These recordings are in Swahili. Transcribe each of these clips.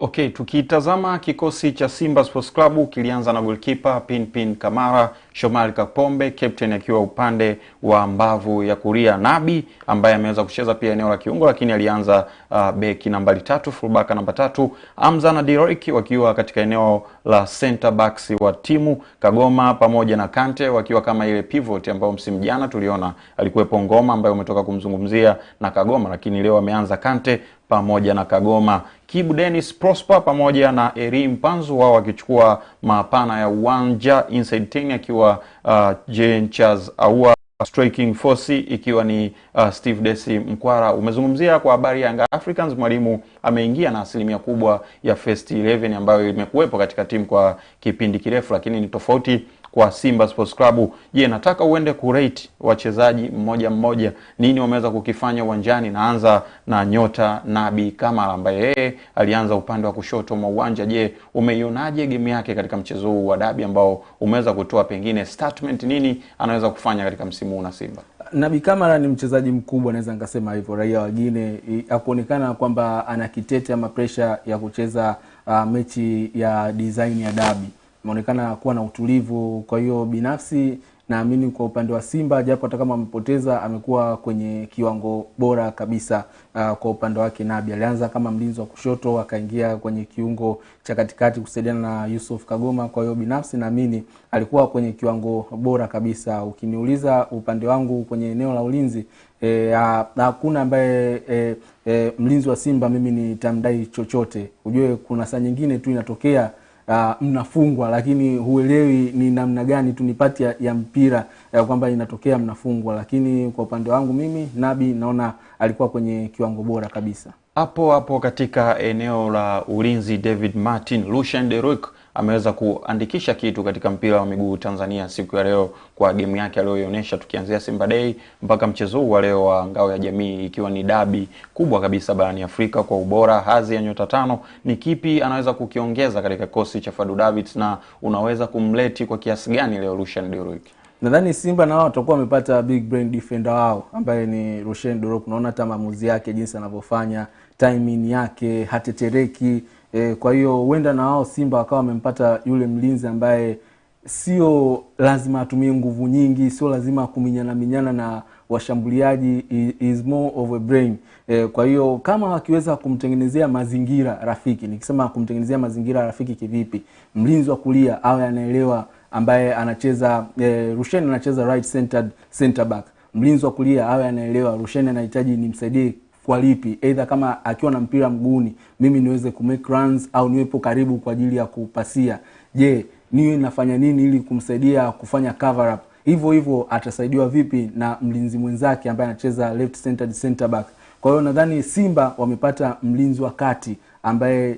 Okay, tukitazama kikosi cha Simba Sports Club kilianza na goalkeeper Pinpin Kamara, Shomari Kapombe captain akiwa upande wa mbavu ya kulia, Nabi ambaye ameweza kucheza pia eneo la kiungo, lakini alianza uh, beki nambari tatu, fullback namba tatu, Amza na Diroik wakiwa katika eneo la center backs wa timu, Kagoma pamoja na Kante wakiwa kama ile pivot ambayo msimu jana tuliona alikuwepo Ngoma ambayo umetoka kumzungumzia na Kagoma, lakini leo ameanza Kante pamoja na Kagoma Kibu Dennis Prosper pamoja na Eri Mpanzu wao wakichukua mapana ya uwanja, inside ten akiwa uh, Jane Charles Aua striking force ikiwa ni uh, Steve Desi Mkwara. Umezungumzia kwa habari ya Yanga Africans, mwalimu ameingia na asilimia kubwa ya first 11 ambayo imekuwepo katika timu kwa kipindi kirefu, lakini ni tofauti kwa Simba Sports Club. Je, nataka uende kurate wachezaji mmoja mmoja, nini wameweza kukifanya uwanjani. Naanza na nyota Nabi Kamara ambaye yeye alianza upande wa kushoto mwa uwanja. Je, umeionaje game yake katika mchezo huu wa dabi ambao umeweza kutoa pengine statement, nini anaweza kufanya katika msimu huu na Simba? Nabi Kamara ni mchezaji mkubwa, naweza nikasema hivyo, raia wagine akuonekana kwamba ana kitete ama pressure ya kucheza uh, mechi ya design ya dabi ameonekana kuwa na utulivu. Kwa hiyo binafsi naamini kwa upande wa Simba, japo hata kama amepoteza, amekuwa kwenye kiwango bora kabisa uh, kwa upande wake Nabi. Alianza kama mlinzi wa kushoto, akaingia kwenye kiungo cha katikati kusaidiana na Yusuf Kagoma. Kwa hiyo binafsi naamini alikuwa kwenye kiwango bora kabisa. Ukiniuliza upande wangu kwenye eneo la ulinzi eh, ah, hakuna E, ambaye e, e, mlinzi wa Simba mimi nitamdai chochote. Ujue kuna saa nyingine tu inatokea uh, mnafungwa, lakini huelewi ni namna gani tu nipati ya, ya mpira ya kwamba inatokea mnafungwa. Lakini kwa upande wangu mimi Nabi naona alikuwa kwenye kiwango bora kabisa hapo hapo katika eneo la ulinzi. David Martin, Lucien Deroux ameweza kuandikisha kitu katika mpira wa miguu Tanzania siku ya leo kwa gemu yake aliyoionyesha, tukianzia Simba Day mpaka mchezo huu wa leo wa ngao ya jamii, ikiwa ni dabi kubwa kabisa barani Afrika kwa ubora, hadhi ya nyota tano. Ni kipi anaweza kukiongeza katika kosi cha Fadu Davids na unaweza kumleti kwa kiasi gani leo Rushan Duruik? Nadhani Simba na wao watakuwa wamepata big brain defender wao ambaye ni Rushen Dorop. Unaona hata maamuzi yake, jinsi anavyofanya timing yake, hatetereki E, kwa hiyo huenda na wao Simba wakawa wamempata yule mlinzi ambaye sio lazima atumie nguvu nyingi, sio lazima akuminyana minyana na washambuliaji, is more of a brain e. Kwa hiyo kama wakiweza kumtengenezea mazingira rafiki, nikisema kumtengenezea mazingira rafiki kivipi? Mlinzi wa kulia awe anaelewa ambaye anacheza e, Rushine anacheza right centered center back, mlinzi wa kulia awe anaelewa Rushine anahitaji nimsaidie kwa lipi, aidha kama akiwa na mpira mguuni mimi niweze kumake runs au niwepo karibu kwa ajili ya kupasia. Je, niwe nafanya nini ili kumsaidia kufanya cover up? Hivyo hivyo atasaidiwa vipi na mlinzi mwenzake ambaye anacheza left center center back? Kwa hiyo nadhani Simba wamepata mlinzi wa kati ambaye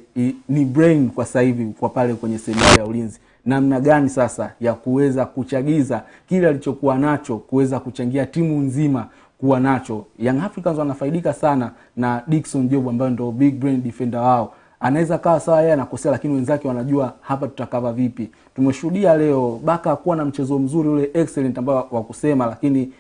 ni brain kwa sasa hivi kwa pale kwenye sehemu ya ulinzi namna gani sasa ya kuweza kuchagiza kile alichokuwa nacho kuweza kuchangia timu nzima kuwa nacho. Young Africans wanafaidika sana na Dickson Job ambaye ndo big brain defender wao anaweza kawa sawa yeye anakosea, lakini wenzake wanajua hapa tutakava vipi. Tumeshuhudia leo Baka kuwa na mchezo mzuri ule excellent ambao wa kusema, lakini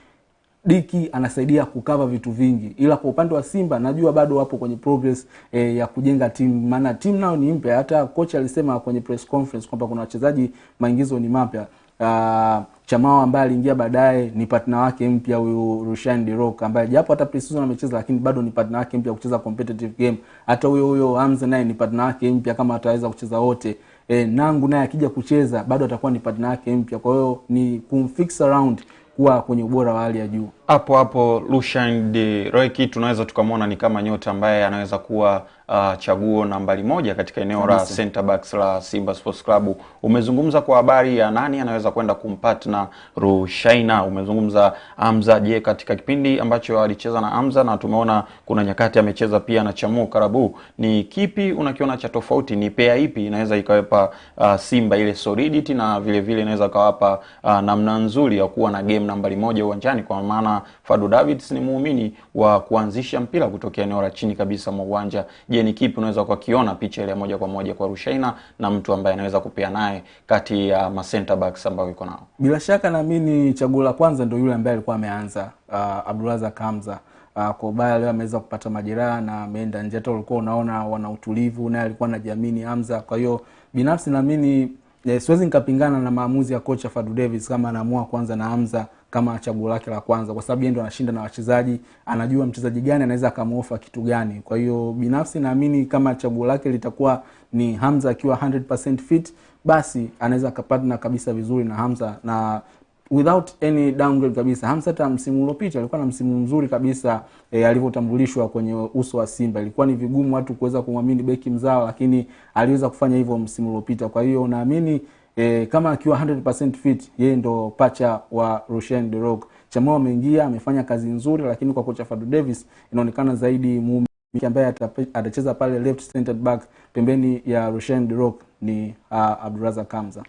Diki anasaidia kukava vitu vingi, ila kwa upande wa Simba najua bado wapo kwenye progress e, ya kujenga timu, maana timu nao ni mpya. Hata kocha alisema kwenye press conference kwamba kuna wachezaji maingizo ni mapya uh, Chamao ambaye aliingia baadaye ni partner wake mpya huyu Rushan Dirok ambaye japo hata pre-season amecheza lakini bado ni partner wake mpya kucheza competitive game. Hata huyo huyo Hamza naye ni partner wake mpya kama ataweza kucheza wote. E, Nangu naye akija kucheza bado atakuwa ni partner wake mpya. Kwa hiyo ni kumfix around kuwa kwenye ubora wa hali ya juu hapo hapo Lucien de roiki tunaweza tukamwona ni kama nyota ambaye anaweza kuwa uh, chaguo nambari moja katika eneo la center backs la Simba Sports Club. Umezungumza kwa habari ya nani anaweza kwenda kumpatna Rushaina, umezungumza amza Je, katika kipindi ambacho alicheza na amza na tumeona kuna nyakati amecheza pia na Chamu Karabu, ni kipi unakiona cha tofauti? Ni pea ipi inaweza ikawepa uh, Simba ile solidity na vile vile inaweza kawapa uh, namna nzuri ya kuwa na game nambari moja uwanjani kwa maana anasema Fadu Davids ni muumini wa kuanzisha mpira kutokea eneo la chini kabisa mwa uwanja. Je, ni kipi unaweza ukakiona picha ile moja kwa moja kwa Rushaina na mtu ambaye anaweza kupea naye kati ya uh, ma center backs ambao yuko nao? Bila shaka naamini chaguo la kwanza ndio yule ambaye alikuwa ameanza uh, Abdulaza Kamza uh, kwa ubaya leo ameweza kupata majeraha na ameenda nje. Hata ulikuwa unaona wana utulivu, naye alikuwa anajiamini Hamza. Kwa hiyo binafsi naamini eh, siwezi nikapingana na maamuzi ya kocha Fadu Davis kama anaamua kwanza na Hamza kama chaguo lake la kwanza, kwa sababu yeye ndo anashinda na wachezaji, anajua mchezaji gani anaweza akamuofa kitu gani. Kwa hiyo binafsi naamini kama chaguo lake litakuwa ni Hamza akiwa 100% fit, basi anaweza akapatna kabisa vizuri na Hamza na without any downgrade kabisa. Hamza hata msimu uliopita alikuwa na msimu mzuri kabisa e, alivyotambulishwa kwenye uso wa Simba. Ilikuwa ni vigumu watu kuweza kumwamini beki mzao, lakini aliweza kufanya hivyo msimu uliopita. Kwa hiyo naamini e, kama akiwa 100% fit, yeye ndo pacha wa Rushine De Rock. Chamwino ameingia amefanya kazi nzuri, lakini kwa kocha Fadu Davis inaonekana zaidi mume ambaye atacheza pale left centered back pembeni ya Rushine De Rock ni uh, Abdulrazak Kamza.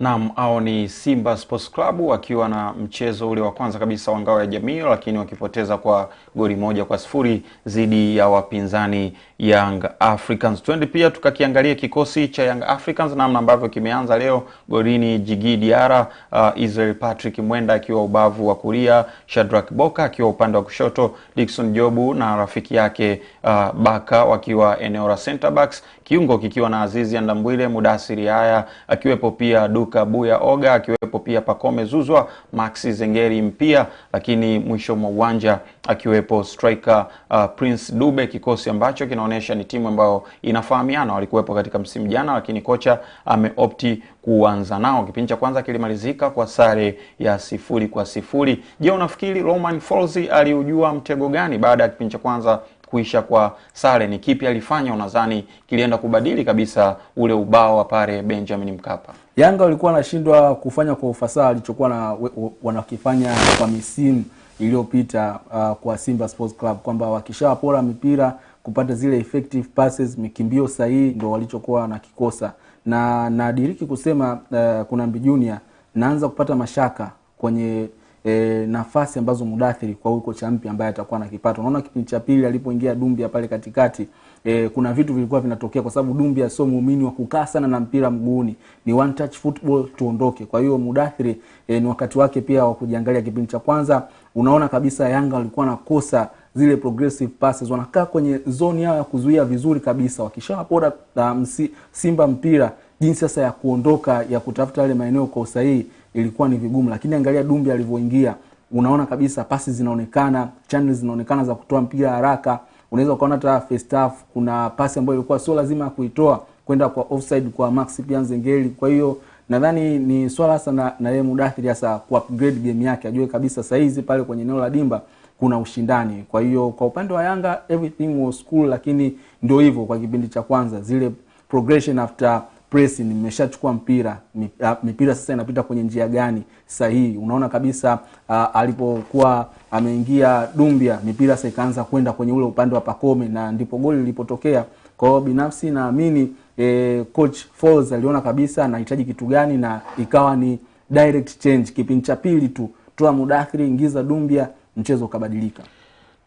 Naam, hao ni Simba Sports Club wakiwa na mchezo ule wa kwanza kabisa wa ngao ya jamii, lakini wakipoteza kwa goli moja kwa sifuri dhidi ya wapinzani Young Africans. Twende pia tukakiangalia kikosi cha Young Africans namna ambavyo kimeanza leo. Golini Jigi Diara, uh, Israel Patrick Mwenda akiwa ubavu wa kulia, Shadrack Boka akiwa upande wa kushoto, Dickson Jobu na rafiki yake uh, Baka wakiwa eneo la center backs, kiungo kikiwa na Azizi Andambwile, Mudasiri Haya akiwepo pia Duka Buya Oga akiwepo pia Pakome Zuzwa, Maxi Zengeri Mpia, lakini mwisho mwa uwanja akiwepo striker uh, Prince Dube, kikosi ambacho kinaonyesha ni timu ambayo inafahamiana. Walikuwepo katika msimu jana, lakini kocha ameopti kuanza nao. Kipindi cha kwanza kilimalizika kwa sare ya sifuri kwa sifuri. Je, unafikiri Romain Folz aliujua mtego gani baada ya kipindi cha kwanza kuisha kwa sare, ni kipi alifanya unadhani kilienda kubadili kabisa ule ubao wa pale Benjamin Mkapa? Yanga walikuwa wanashindwa kufanya kwa ufasaha alichokuwa na wanakifanya kwa misimu iliyopita uh, kwa Simba Sports Club kwamba wakishawapora mipira kupata zile effective passes, mikimbio sahihi ndo walichokuwa wanakikosa, na nadiriki kusema uh, kuna Mbi Junior naanza kupata mashaka kwenye e, nafasi ambazo mudathiri kwa huyu kocha mpya ambaye atakuwa na kipato. Unaona kipindi cha pili alipoingia Dumbia pale katikati e, kuna vitu vilikuwa vinatokea, kwa sababu Dumbia sio muumini wa kukaa sana na mpira mguuni, ni one touch football, tuondoke. Kwa hiyo mudathiri e, ni wakati wake pia wa kujiangalia. Kipindi cha kwanza unaona kabisa Yanga walikuwa nakosa zile progressive passes, wanakaa kwenye zone yao ya kuzuia vizuri kabisa, wakishawapoda um, si, Simba mpira, jinsi sasa ya kuondoka ya kutafuta yale maeneo kwa usahihi ilikuwa ni vigumu, lakini angalia Dumbi alivyoingia, unaona kabisa pasi zinaonekana, channel zinaonekana za kutoa mpira haraka. Unaweza ukaona hata first half kuna pasi ambayo ilikuwa sio lazima ya kuitoa kwenda kwa offside kwa Max Pian Zengeli. Kwa hiyo nadhani ni swala hasa na na yeye Mudathiri hasa ku upgrade game yake, ajue kabisa saa hizi pale kwenye eneo la dimba kuna ushindani. Kwa hiyo kwa upande wa Yanga everything was cool, lakini ndio hivyo kwa kipindi cha kwanza zile progression after press, nimeshachukua mpira ah, mipira sasa inapita kwenye njia gani sahihi. Unaona kabisa uh, alipokuwa ameingia Dumbia mipira sasa ikaanza kwenda kwenye ule upande wa Pakome na ndipo goli lilipotokea. Kwa hiyo binafsi naamini eh, coach Falls aliona kabisa anahitaji kitu gani na ikawa ni direct change. Kipindi cha pili tu toa Mudahiri, ingiza Dumbia, mchezo ukabadilika.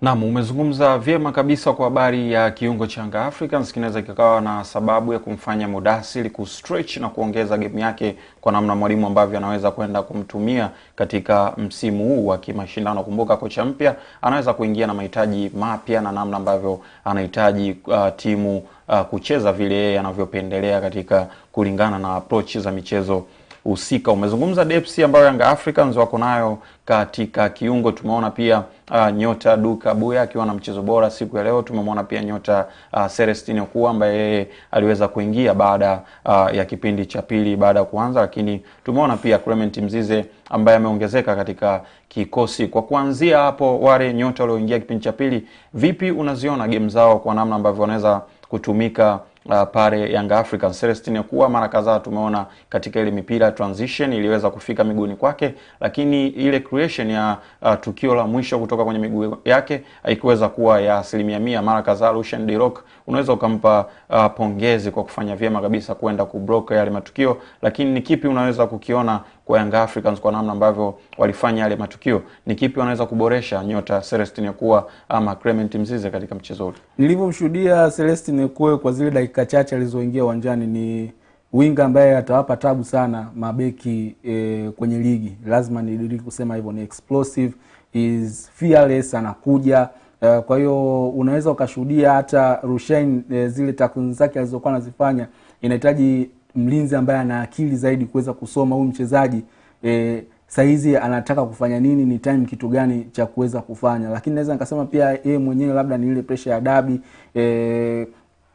Naam, umezungumza vyema kabisa kwa habari ya kiungo changa Africans kinaweza kikawa na sababu ya kumfanya Mudasiri kustretch na kuongeza game yake kwa namna mwalimu ambavyo anaweza kwenda kumtumia katika msimu huu wa kimashindano. Kumbuka kocha mpya anaweza kuingia na mahitaji mapya na namna ambavyo anahitaji uh, timu uh, kucheza vile yeye anavyopendelea katika kulingana na approach za michezo husika. Umezungumza depsi ambayo yanga Africans wako nayo katika kiungo. Tumeona pia uh, nyota Duka Buya akiwa na mchezo bora siku ya leo. Tumemwona pia nyota uh, serestin Okuwa ambaye yeye aliweza kuingia baada uh, ya kipindi cha pili baada ya kuanza, lakini tumeona pia Clement Mzize ambaye ameongezeka katika kikosi. Kwa kuanzia hapo, wale nyota walioingia kipindi cha pili, vipi unaziona game zao kwa namna ambavyo wanaweza kutumika uh, pale Young Africans. Celestine kuwa mara kadhaa tumeona katika ile mipira transition iliweza kufika miguuni kwake, lakini ile creation ya uh, tukio la mwisho kutoka kwenye miguu yake haikuweza kuwa ya asilimia mia. Mara kadhaa Lucian De Rock unaweza ukampa uh, pongezi kwa kufanya vyema kabisa kwenda kublock yale matukio, lakini ni kipi unaweza kukiona kwa Young Africans kwa namna ambavyo walifanya yale matukio, ni kipi wanaweza kuboresha nyota Celestine Kuwa ama Clement Mzize katika mchezo ule? Nilivyomshuhudia Celestine Ekua kwa zile dakika chache alizoingia uwanjani, ni winga ambaye atawapa tabu sana mabeki e, kwenye ligi. Lazima nidiri kusema hivyo, ni explosive, is fearless, anakuja e, kwa hiyo unaweza ukashuhudia hata Rushain e, zile takwimu zake alizokuwa anazifanya inahitaji mlinzi ambaye ana akili zaidi kuweza kusoma huyu mchezaji e, sahizi anataka kufanya nini, ni time kitu gani cha kuweza kufanya. Lakini naweza nikasema pia yeye mwenyewe labda ni ile pressure ya dabi e,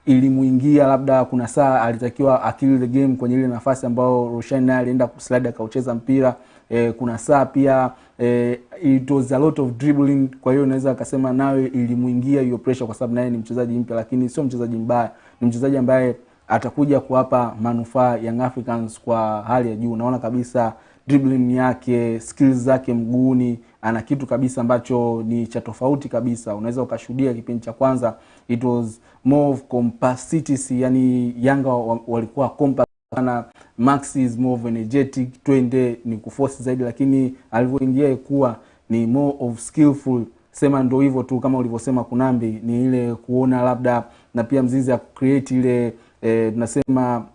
ilimuingia labda kuna saa alitakiwa akili the game kwenye ile nafasi ambayo roshan naye alienda kuslide akaucheza mpira e, kuna saa pia e, it was a lot of dribbling. Kwa hiyo naweza akasema nayo ilimuingia hiyo pressure, kwa sababu naye ni mchezaji mpya, lakini sio mchezaji mbaya, ni mchezaji ambaye atakuja kuwapa manufaa Young Africans kwa hali ya juu. Naona kabisa dribbling yake, skills zake mguuni, ana kitu kabisa ambacho ni cha tofauti kabisa. Unaweza ukashuhudia kipindi cha kwanza it was more of compacity, yani Yanga walikuwa compact sana. Max is more of energetic, twende ni kuforce zaidi, lakini alivyoingia ikuwa ni more of skillful sema ndo hivyo tu kama ulivyosema kunambi ni ile kuona labda na pia mzizi ya create ile Eh, tunasema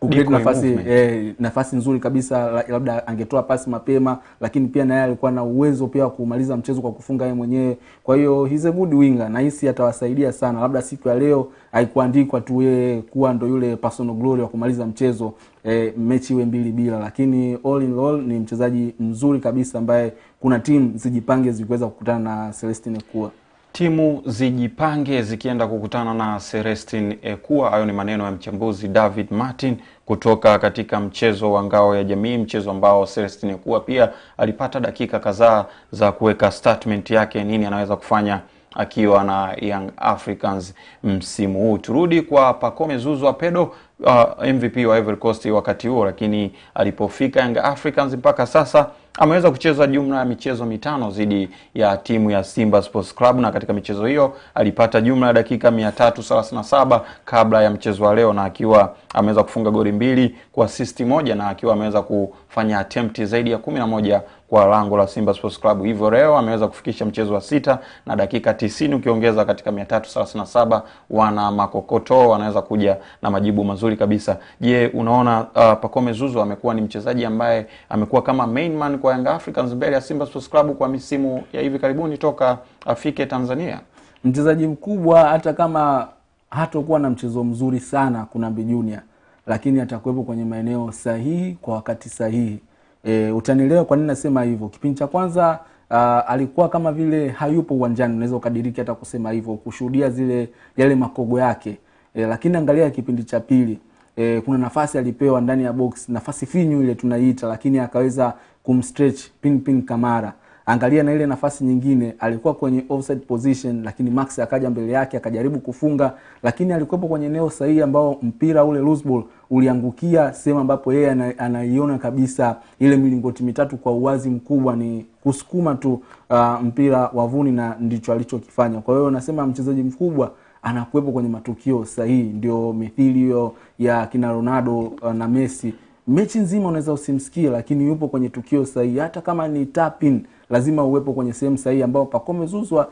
Ugreti nafasi e, nafasi nzuri kabisa, labda angetoa pasi mapema, lakini pia naye alikuwa na uwezo pia wa kumaliza mchezo kwa kufunga yeye mwenyewe. Kwa hiyo he's a good winger, nahisi atawasaidia sana. Labda siku ya leo haikuandikwa tu yeye kuwa ndo yule personal glory wa kumaliza mchezo e, mechi iwe mbili bila, lakini all in all ni mchezaji mzuri kabisa ambaye kuna timu zijipange zikiweza kukutana na Celestine Ekua. Timu zijipange zikienda kukutana na Celestin Ekua. Hayo ni maneno ya mchambuzi David Martin kutoka katika mchezo wa ngao ya jamii, mchezo ambao Celestin Ekua pia alipata dakika kadhaa za kuweka statement yake, nini anaweza kufanya akiwa na Young Africans msimu huu. Turudi kwa pakome zuzwa pedo uh, MVP wa Ivory Coast wakati huo, lakini alipofika Young Africans mpaka sasa ameweza kucheza jumla ya michezo mitano dhidi ya timu ya Simba Sports Club, na katika michezo hiyo alipata jumla ya dakika 337 kabla ya mchezo wa leo, na akiwa ameweza kufunga goli mbili, kwa assist moja, na akiwa ameweza kufanya attempt zaidi ya kumi na moja kwa lango la Simba Sports Club. Hivyo leo ameweza kufikisha mchezo wa sita na dakika tisini ukiongeza katika 337 wana makokoto wanaweza kuja na majibu mazuri kabisa. Je, unaona uh, Pacome Zuzu amekuwa ni mchezaji ambaye amekuwa kama main man kwa Young Africans mbele ya Simba Sports Club kwa misimu ya hivi karibuni toka afike Tanzania. Mchezaji mkubwa, hata kama hatokuwa na mchezo mzuri sana Kunambi Junior, lakini atakuwepo kwenye maeneo sahihi kwa wakati sahihi. E, utanielewa kwa nini nasema hivyo. Kipindi cha kwanza uh, alikuwa kama vile hayupo uwanjani, unaweza ukadiriki hata kusema hivyo, kushuhudia zile yale makogo yake e, lakini angalia kipindi cha pili e, kuna nafasi alipewa ndani ya box, nafasi finyu ile tunaiita, lakini akaweza kumstretch pinpin Kamara. Angalia na ile nafasi nyingine alikuwa kwenye offside position, lakini Max akaja mbele yake akajaribu kufunga, lakini alikuwepo kwenye eneo sahihi ambao mpira ule ball uliangukia sehemu ambapo yeye anaiona kabisa ile milingoti mitatu kwa uwazi mkubwa, ni kusukuma tu uh, mpira wavuni, na ndicho alichokifanya. Kwa hiyo nasema mchezaji mkubwa anakuwepo kwenye matukio sahihi, ndio mithili hiyo ya kina Ronaldo uh, na Messi mechi nzima unaweza usimsikie, lakini yupo kwenye tukio sahihi. Hata kama ni tapin, lazima uwepo kwenye sehemu sahihi ambayo pakomezuzwa.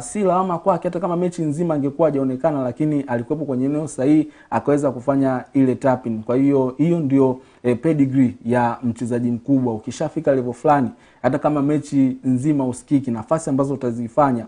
Si lawama kwake, hata kama mechi nzima angekuwa hajaonekana, lakini alikuwepo kwenye eneo sahihi akaweza kufanya ile tapin. Kwa hiyo hiyo ndio e, eh, pedigri ya mchezaji mkubwa. Ukishafika levo fulani, hata kama mechi nzima usikiki, nafasi ambazo utazifanya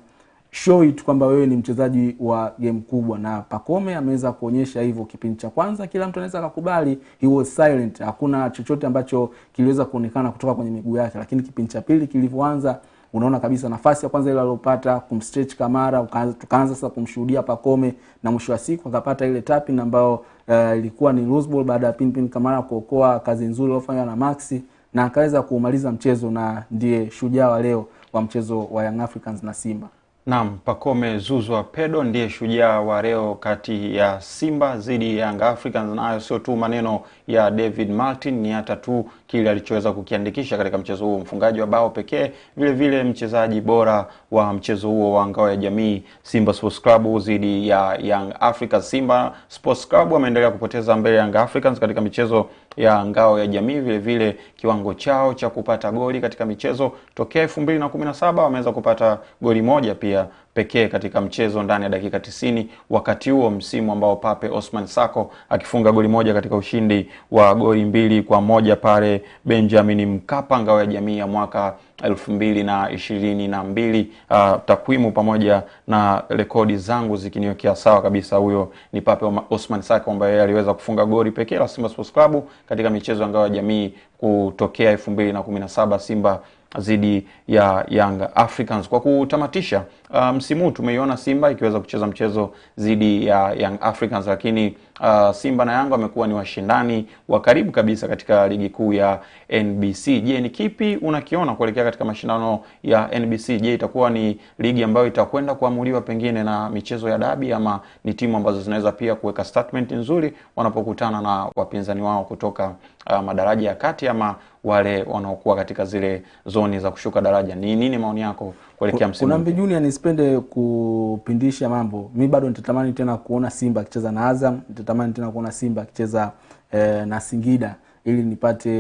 show it kwamba wewe ni mchezaji wa game kubwa, na Pacome ameweza kuonyesha hivyo. Kipindi cha kwanza kila mtu anaweza akakubali, he was silent, hakuna chochote ambacho kiliweza kuonekana kutoka kwenye miguu yake, lakini kipindi cha pili kilivyoanza unaona kabisa nafasi ya kwanza ile aliyopata kumstretch Kamara, tukaanza sasa kumshuhudia Pacome na mwisho wa siku akapata ile tapping ambayo eh, ilikuwa uh, ni loose ball baada ya Pinpin Kamara kuokoa kazi nzuri aliyofanywa na Maxi na akaweza kuumaliza mchezo, na ndiye shujaa wa leo wa mchezo wa Young Africans na Simba. Naam, Pacome Zouzoua Pedro ndiye shujaa wa leo kati ya Simba dhidi ya Yanga Africans, nayo sio tu maneno ya David Martin, ni hata tu kile alichoweza kukiandikisha katika mchezo huo, mfungaji wa bao pekee, vile vile mchezaji bora wa mchezo huo wa ngao ya jamii Simba Sports Club dhidi ya Young Africans. Simba Sports Club wameendelea kupoteza mbele ya Young Africans katika michezo ya ngao ya jamii. Vile vile kiwango chao cha kupata goli katika michezo tokea 2017 wameweza kupata goli moja pia pekee katika mchezo ndani ya dakika 90 wakati huo msimu ambao Pape Osman Sako akifunga goli moja katika ushindi wa goli mbili kwa moja pale Benjamin Mkapa, ngao ya jamii ya mwaka elfu mbili na ishirini na mbili. Uh, takwimu pamoja na rekodi zangu zikiniwekea sawa kabisa, huyo ni Pape Osman Sako ambaye yeye aliweza kufunga goli pekee la Simba Sports Club katika michezo ya ngao ya jamii kutokea elfu mbili na kumi na saba Simba dhidi ya yanga Africans. Kwa kutamatisha msimu um, tumeiona Simba ikiweza kucheza mchezo dhidi ya Young Africans, lakini uh, Simba na Yanga wamekuwa ni washindani wa karibu kabisa katika ligi kuu ya NBC. Je, ni kipi unakiona kuelekea katika mashindano ya NBC? Je, itakuwa ni ligi ambayo itakwenda kuamuliwa pengine na michezo ya dabi, ama ni timu ambazo zinaweza pia kuweka statement nzuri wanapokutana na wapinzani wao kutoka uh, madaraja ya kati ama wale wanaokuwa katika zile zoni za kushuka daraja? Ni nini maoni yako? kuelekea msimu. Kuna mbi Junior, nisipende kupindisha mambo, mi bado nitatamani tena kuona Simba akicheza na Azam, nitatamani tena kuona Simba akicheza eh, na Singida ili nipate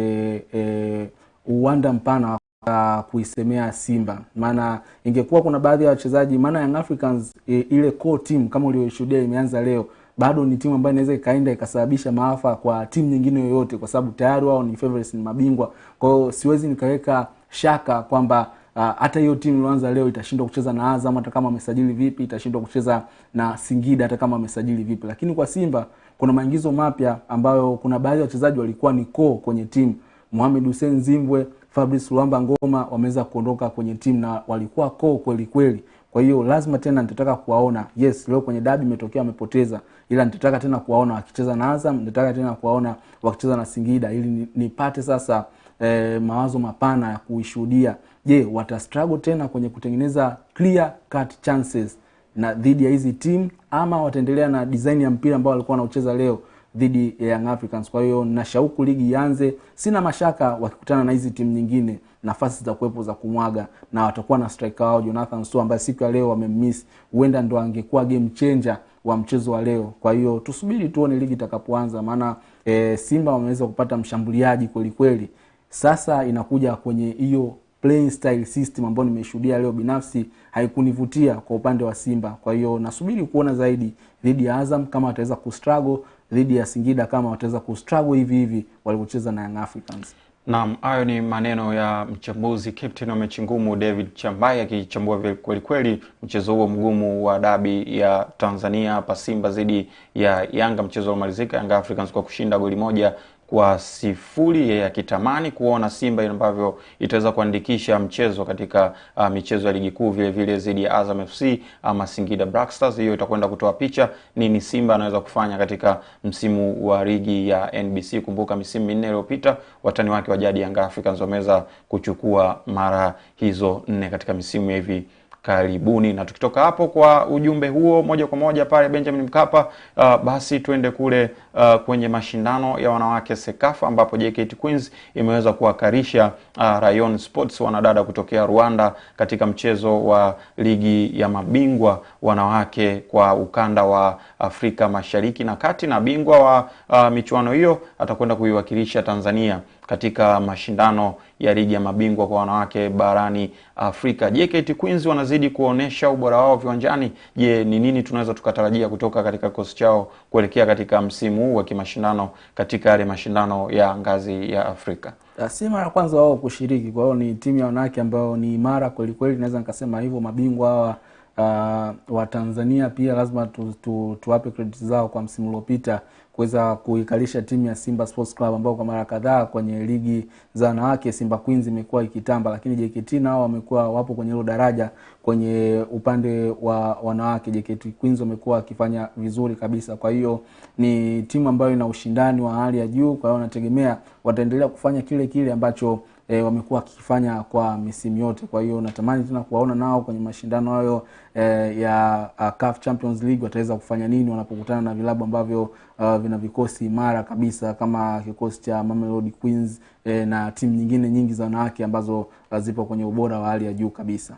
eh, uwanda mpana wa kuisemea Simba, maana ingekuwa kuna baadhi ya wachezaji, maana Young Africans eh, ile core team kama ulioshuhudia imeanza leo bado ni timu ambayo inaweza ikaenda ikasababisha maafa kwa timu nyingine yoyote, kwa sababu tayari wao ni favorites, ni mabingwa. Kwa hiyo siwezi nikaweka shaka kwamba Ah, hata hiyo timu ilianza leo itashindwa kucheza na Azam hata kama amesajili vipi, itashindwa kucheza na Singida hata kama amesajili vipi. Lakini kwa Simba kuna maingizo mapya ambayo kuna baadhi ya wachezaji walikuwa ni koo kwenye timu. Mohamed Hussein Zimbwe, Fabrice Luamba Ngoma wameweza kuondoka kwenye timu na walikuwa koo kweli kweli. Kwa hiyo lazima tena nitataka kuwaona. Yes, leo kwenye dabi imetokea wamepoteza, ila nitataka tena kuwaona wakicheza na Azam, nitataka tena kuwaona wakicheza na Singida ili nipate sasa eh, mawazo mapana ya kuishuhudia je wata struggle tena kwenye kutengeneza clear cut chances na dhidi ya hizi team ama wataendelea na design ya mpira ambao walikuwa wanaocheza leo dhidi ya Young Africans. Kwa hiyo na shauku ligi ianze, sina mashaka wakikutana na hizi timu nyingine nafasi za kuwepo za kumwaga, na watakuwa na striker wao Jonathan Soa ambaye siku ya leo wamemiss, huenda ndo angekuwa game changer wa mchezo wa leo. Kwa hiyo tusubiri tuone ligi itakapoanza, maana e, Simba wameweza kupata mshambuliaji kwelikweli. Sasa inakuja kwenye hiyo playing style system ambayo nimeshuhudia leo binafsi haikunivutia kwa upande wa Simba. Kwa hiyo nasubiri kuona zaidi dhidi ya Azam kama wataweza kustruggle, dhidi ya Singida kama wataweza kustruggle hivi hivi walivyocheza na Young Africans. Naam, hayo ni maneno ya mchambuzi captain wa mechi ngumu David Chambai akichambua kwelikweli mchezo huo mgumu wa dabi ya Tanzania hapa Simba dhidi ya Yanga, mchezo uliomalizika Yanga Africans kwa kushinda goli moja kwa sifuri, yeye akitamani kuona Simba ambavyo itaweza kuandikisha mchezo katika uh, michezo ya ligi kuu vile vile dhidi ya Azam FC ama Singida Black Hiyo itakwenda kutoa picha nini Simba anaweza kufanya katika msimu wa ligi ya NBC. Kumbuka misimu minne iliyopita watani wake wa jadi Yanga Africans wameweza kuchukua mara hizo nne katika misimu ya hivi karibuni. Na tukitoka hapo kwa ujumbe huo moja kwa moja pale Benjamin Mkapa, uh, basi tuende kule uh, kwenye mashindano ya wanawake Sekafa ambapo JKT Queens imeweza kuwakarisha uh, Rayon Sports wanadada kutokea Rwanda katika mchezo wa ligi ya mabingwa wanawake kwa ukanda wa Afrika Mashariki na Kati, na bingwa wa uh, michuano hiyo atakwenda kuiwakilisha Tanzania katika mashindano ya ligi ya mabingwa kwa wanawake barani Afrika. JKT Queens wanazidi kuonesha ubora wao viwanjani. Je, ni nini tunaweza tukatarajia kutoka katika kikosi chao kuelekea katika msimu huu wa kimashindano katika yale mashindano ya ngazi ya Afrika? Ah, si mara ya kwanza wao kushiriki, kwa hiyo ni timu ya wanawake ambayo ni imara kweli kweli, naweza nikasema hivyo. Mabingwa hawa uh, wa Tanzania pia lazima tu, tu, credit zao kwa msimu uliopita kuweza kuikalisha timu ya Simba Sports Club ambao kwa mara kadhaa kwenye ligi za wanawake Simba Queens imekuwa ikitamba, lakini JKT nao wamekuwa wapo kwenye hilo daraja. Kwenye upande wa wanawake, JKT Queens wamekuwa wakifanya vizuri kabisa. Kwa hiyo ni timu ambayo ina ushindani wa hali ya juu, kwa hiyo wanategemea wataendelea kufanya kile kile ambacho e, wamekuwa wakifanya kwa misimu yote. Kwa hiyo natamani tena kuwaona nao kwenye mashindano hayo e, ya a, CAF Champions League wataweza kufanya nini wanapokutana na vilabu ambavyo uh, vina vikosi imara kabisa kama kikosi cha Mamelodi Queens e, na timu nyingine nyingi za wanawake ambazo zipo kwenye ubora wa hali ya juu kabisa.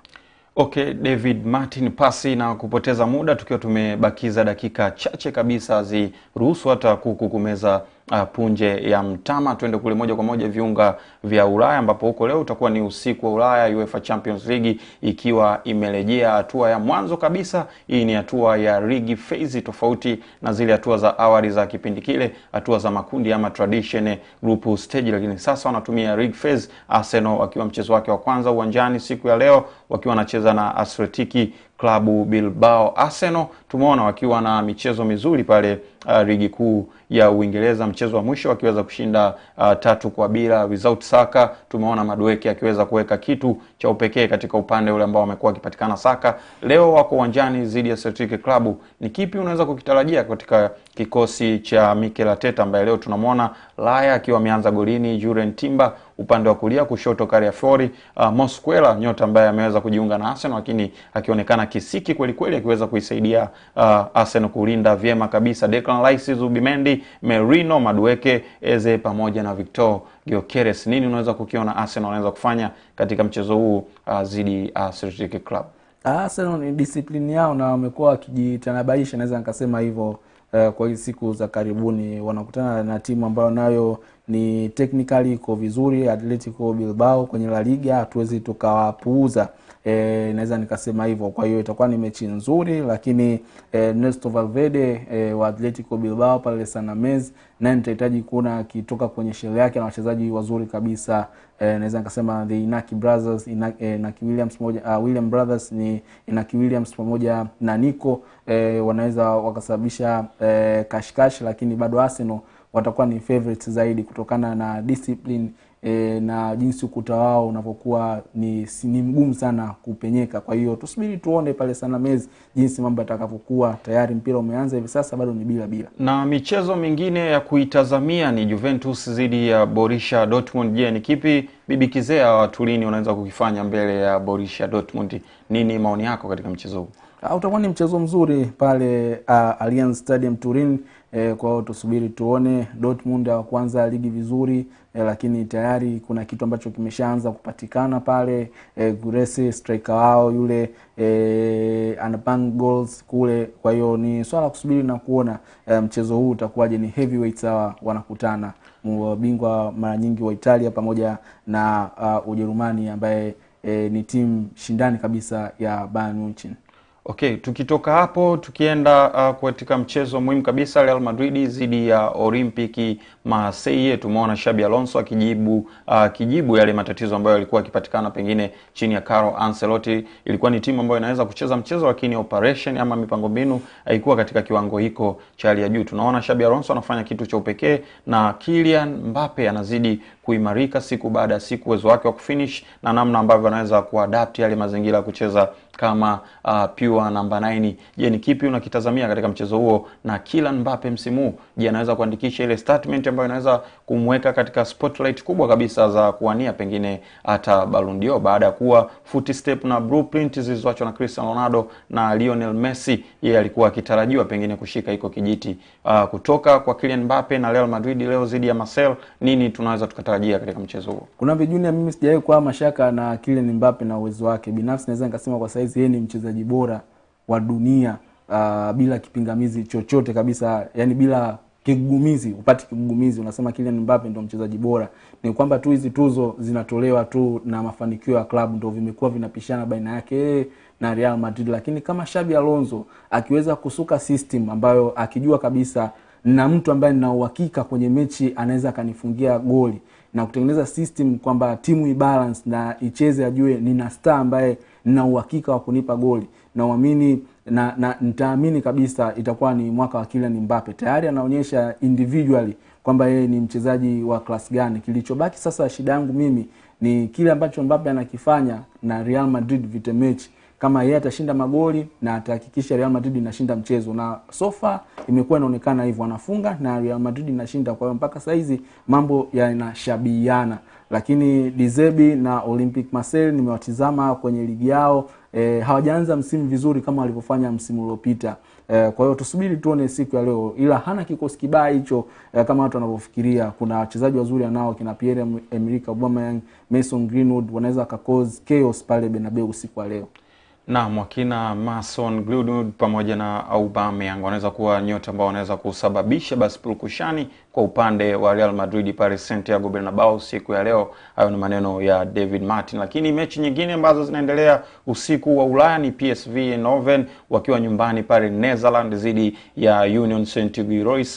Okay, David Martin, pasi na kupoteza muda, tukiwa tumebakiza dakika chache kabisa, ziruhusu hata kukukumeza uh, punje ya mtama. Tuende kule moja kwa moja viunga vya Ulaya, ambapo huko leo utakuwa ni usiku wa Ulaya, UEFA Champions League ikiwa imerejea hatua ya mwanzo kabisa. Hii ni hatua ya ligi phase, tofauti na zile hatua za awali za kipindi kile, hatua za makundi ama tradition eh, group stage, lakini sasa wanatumia league phase. Arsenal wakiwa mchezo wake wa kwanza uwanjani siku ya leo wakiwa wanacheza na Athletic klabu Bilbao. Arsenal tumeona wakiwa na michezo mizuri pale uh, ligi kuu ya Uingereza, mchezo wa mwisho akiweza kushinda uh, tatu kwa bila without Saka. Tumeona madueki akiweza kuweka kitu cha upekee katika upande ule ambao amekuwa akipatikana Saka. Leo wako uwanjani dhidi ya Celtic Club. Ni kipi unaweza kukitarajia katika kikosi cha Mikel Arteta ambaye leo tunamwona Laya akiwa ameanza golini, Julen timba upande wa kulia, kushoto Calafiori, uh, Mosquera nyota ambaye ameweza kujiunga na Arsenal, lakini akionekana kisiki kweli kweli, akiweza kuisaidia uh, Arsenal kulinda vyema kabisa. Declan Rice, Zubimendi, Merino, Madueke, Eze pamoja na Victor Gyokeres. Nini unaweza kukiona Arsenal anaweza kufanya katika mchezo huu uh, zidi uh, Athletic Club? Arsenal ni disiplini yao na wamekuwa wakijitanabaisha, naweza nikasema hivyo. Uh, kwa hii siku za karibuni wanakutana na timu ambayo nayo ni technically iko vizuri Atletico Bilbao kwenye La Liga, hatuwezi tukawapuuza. E, naweza nikasema hivyo. Kwa hiyo itakuwa ni mechi nzuri, lakini e, Nesto valvede e, wa Atletico Bilbao pale San Mamés, naye nitahitaji kuona akitoka kwenye shele yake na wachezaji wazuri kabisa. E, naweza nikasema the Inaki Brothers inaki, e, Inaki Williams moja, uh, William Brothers ni Inaki Williams pamoja na Nico e, wanaweza wakasababisha e, kashikashi, lakini bado Arsenal watakuwa ni favorite zaidi kutokana na discipline e, na jinsi ukuta wao unavyokuwa ni, ni mgumu sana kupenyeka. Kwa hiyo tusubiri tuone pale Sanamezi jinsi mambo yatakavyokuwa. Tayari mpira umeanza hivi sasa, bado ni bila bila. Na michezo mingine ya kuitazamia ni Juventus dhidi ya Borussia Dortmund. Je, ni kipi Bibi Kizea wa Turini unaweza kukifanya mbele ya Borussia Dortmund? Nini maoni yako katika mchezo huu? Ah, utakuwa ni mchezo mzuri pale uh, Allianz Stadium Turin eh, kwa hiyo tusubiri tuone. Dortmund hawakuanza ligi vizuri eh, lakini tayari kuna kitu ambacho kimeshaanza kupatikana pale eh, Guresi striker wao yule eh, anapang goals kule. Kwa hiyo ni swala kusubiri na kuona eh, mchezo huu utakuwaje. Ni heavyweights hawa wanakutana, mabingwa mara nyingi wa Italia pamoja na uh, Ujerumani ambaye eh, ni timu shindani kabisa ya Bayern Munich. Okay, tukitoka hapo tukienda uh, katika mchezo muhimu kabisa Real Madrid dhidi ya olimpiki Marseille, tumeona Xabi Alonso akijibu uh, kijibu yale matatizo ambayo yalikuwa yakipatikana pengine chini ya Carlo Ancelotti. Ilikuwa ni timu ambayo inaweza kucheza mchezo, lakini operation ama mipango mbinu haikuwa katika kiwango hiko cha hali ya juu. Tunaona Xabi Alonso anafanya kitu cha upekee na Kylian Mbappe anazidi kuimarika siku baada ya siku, uwezo wake wa kufinish na namna ambavyo anaweza kuadapt yale mazingira ya kucheza kama uh, pure namba 9. Je, ni kipi unakitazamia katika mchezo huo? Na kila mbape msimu huu, je, anaweza kuandikisha ile statement ambayo inaweza kumweka katika spotlight kubwa kabisa za kuwania pengine hata Ballon d'Or baada ya kuwa footstep na blueprint zilizoachwa na Cristiano Ronaldo na Lionel Messi, yeye alikuwa akitarajiwa pengine kushika iko kijiti uh, kutoka kwa Kylian Mbappe na Real Madrid leo zidi ya marcel Nini tunaweza tukatarajia katika mchezo huo? Kuna vijuni mimi sijawahi kuwa mashaka na Kylian Mbappe na uwezo wake binafsi, naweza nikasema kwa saizi Mercedes yeye ni mchezaji bora wa dunia uh, bila kipingamizi chochote kabisa, yani bila kigugumizi, upati kigugumizi unasema Kylian Mbappe ndo mchezaji bora. Ni kwamba tu hizi tuzo zinatolewa tu na mafanikio ya klabu, ndo vimekuwa vinapishana baina yake na Real Madrid. Lakini kama Xabi Alonso akiweza kusuka system ambayo akijua kabisa na mtu ambaye nina uhakika kwenye mechi anaweza akanifungia goli na kutengeneza system kwamba timu ibalance na icheze, ajue nina star ambaye na uhakika wa kunipa goli na na, na ntaamini kabisa itakuwa ni mwaka wa Kylian mbape Tayari anaonyesha individually kwamba yeye ni mchezaji wa klas gani. Kilichobaki sasa, shida yangu mimi ni kile ambacho mbape anakifanya na Real Madrid vita mechi kama yeye atashinda magoli na atahakikisha Real Madrid inashinda mchezo, na sofa imekuwa inaonekana hivyo, anafunga na Real Madrid inashinda. Kwa hiyo mpaka saizi mambo yanashabihiana lakini Dizebi na Olympic Marseille nimewatizama kwenye ligi yao e, hawajaanza msimu vizuri kama walivyofanya msimu uliopita. E, kwa hiyo tusubiri tuone siku ya leo, ila hana kikosi kibaya hicho e, kama watu wanavyofikiria. Kuna wachezaji wazuri anao kina Pierre Emerick Aubameyang, Mason Greenwood, wanaweza kakoz chaos pale Bernabeu siku ya leo. Naam, wakina Mason Greenwood pamoja na Aubameyang wanaweza kuwa nyota ambao wanaweza kusababisha basi purukushani kwa upande wa Real Madrid pale Santiago Bernabeu siku ya leo. Hayo ni maneno ya David Martin. Lakini mechi nyingine ambazo zinaendelea usiku wa Ulaya ni PSV noven wakiwa nyumbani pale netherland dhidi ya Union Saint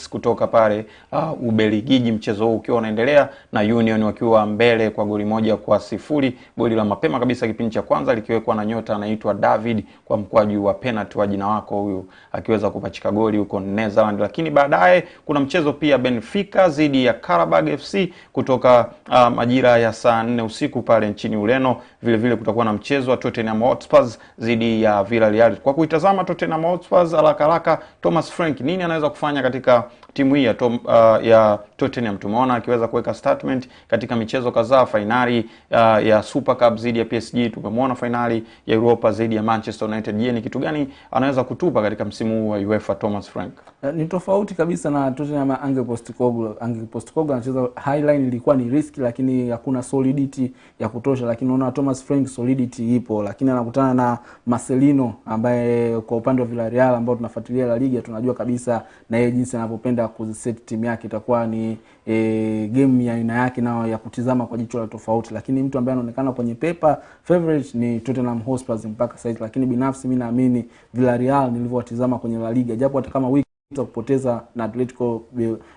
kutoka pale uh, ubeligiji mchezo huu ukiwa unaendelea na Union wakiwa mbele kwa goli moja kwa sifuri, goli la mapema kabisa kipindi cha kwanza likiwekwa na nyota anaitwa David kwa mkwaju wa penalty wa jina wako huyu, akiweza kupachika goli huko netherland Lakini baadaye kuna mchezo pia ben Benfica dhidi ya Karabag FC kutoka uh, majira ya saa nne usiku pale nchini Ureno. Vile vile kutakuwa na mchezo wa Tottenham Hotspur dhidi ya real Kwa kuitazama Tottenham Hotspur haraka haraka, Thomas Frank nini anaweza kufanya katika timu hii ya, tom, uh, ya Tottenham? Tumeona akiweza kuweka statement katika michezo kadhaa, fainali uh, ya Super Cup dhidi ya PSG, tumemwona fainali ya Europa dhidi ya Manchester United. Je, ni kitu gani anaweza kutupa katika msimu huu wa UEFA Thomas Frank? Eh, ni tofauti kabisa na Tottenham ya Ange anacheza highline, ilikuwa ni riski, lakini hakuna solidity ya kutosha, lakini unaona Thomas Frank solidity ipo, lakini anakutana na Marcelino ambaye kwa upande wa Villarreal ambao tunafuatilia La Liga tunajua kabisa na yeye jinsi anavyopenda kuziset timu yake, itakuwa ni e, game ya aina yake nao ya kutizama kwa jicho la tofauti, lakini mtu ambaye anaonekana kwenye paper favorite ni Tottenham Hotspur mpaka sasa, lakini binafsi mimi naamini Villarreal nilivyowatizama kwenye La Liga, japo hata kama wiki kupoteza na Atletico,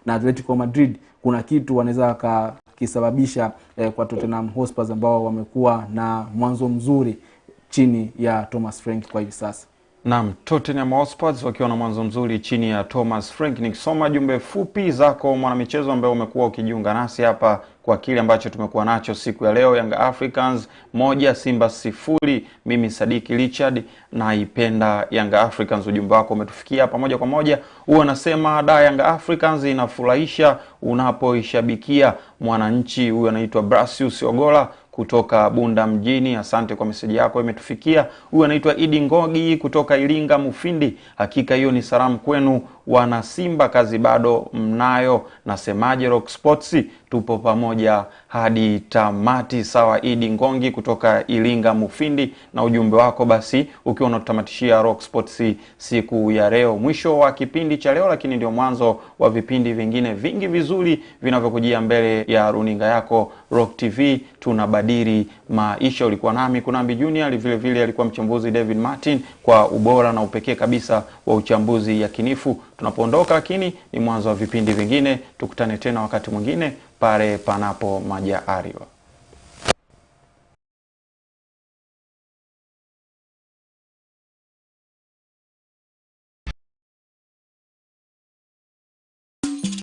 na Atletico Madrid kuna kitu wanaweza wakakisababisha eh, kwa Tottenham Hotspur ambao wamekuwa na mwanzo mzuri chini ya Thomas Frank kwa hivi sasa nam Tottenham Hotspur wakiwa na mwanzo mzuri chini ya Thomas Frank. Nikisoma jumbe fupi zako mwanamichezo, ambaye umekuwa ukijiunga nasi hapa kwa kile ambacho tumekuwa nacho siku ya leo, yanga Africans moja Simba sifuri. Mimi Sadiki Richard naipenda yanga Africans. Ujumbe wako umetufikia hapa moja kwa moja, huwa anasema da, yanga Africans inafurahisha unapoishabikia. Mwananchi huyu anaitwa Brasius Ogola kutoka Bunda mjini, asante kwa meseji yako imetufikia. Huyu anaitwa Idi Ngogi kutoka Iringa Mufindi, hakika hiyo ni salamu kwenu wana Simba, kazi bado mnayo. Nasemaje? Rock Sports tupo pamoja hadi tamati. Sawa, Idi Ngongi kutoka Iringa Mufindi na ujumbe wako basi, ukiwa unatutamatishia Rock Sports siku ya leo, mwisho wa kipindi cha leo, lakini ndio mwanzo wa vipindi vingine vingi vizuri vinavyokujia mbele ya runinga yako Rock TV. Tunabadili maisha. Ulikuwa nami Kunambi Junior, vile vile alikuwa mchambuzi David Martin kwa ubora na upekee kabisa wa uchambuzi yakinifu tunapoondoka, lakini ni mwanzo wa vipindi vingine. Tukutane tena wakati mwingine, pale panapo majaliwa.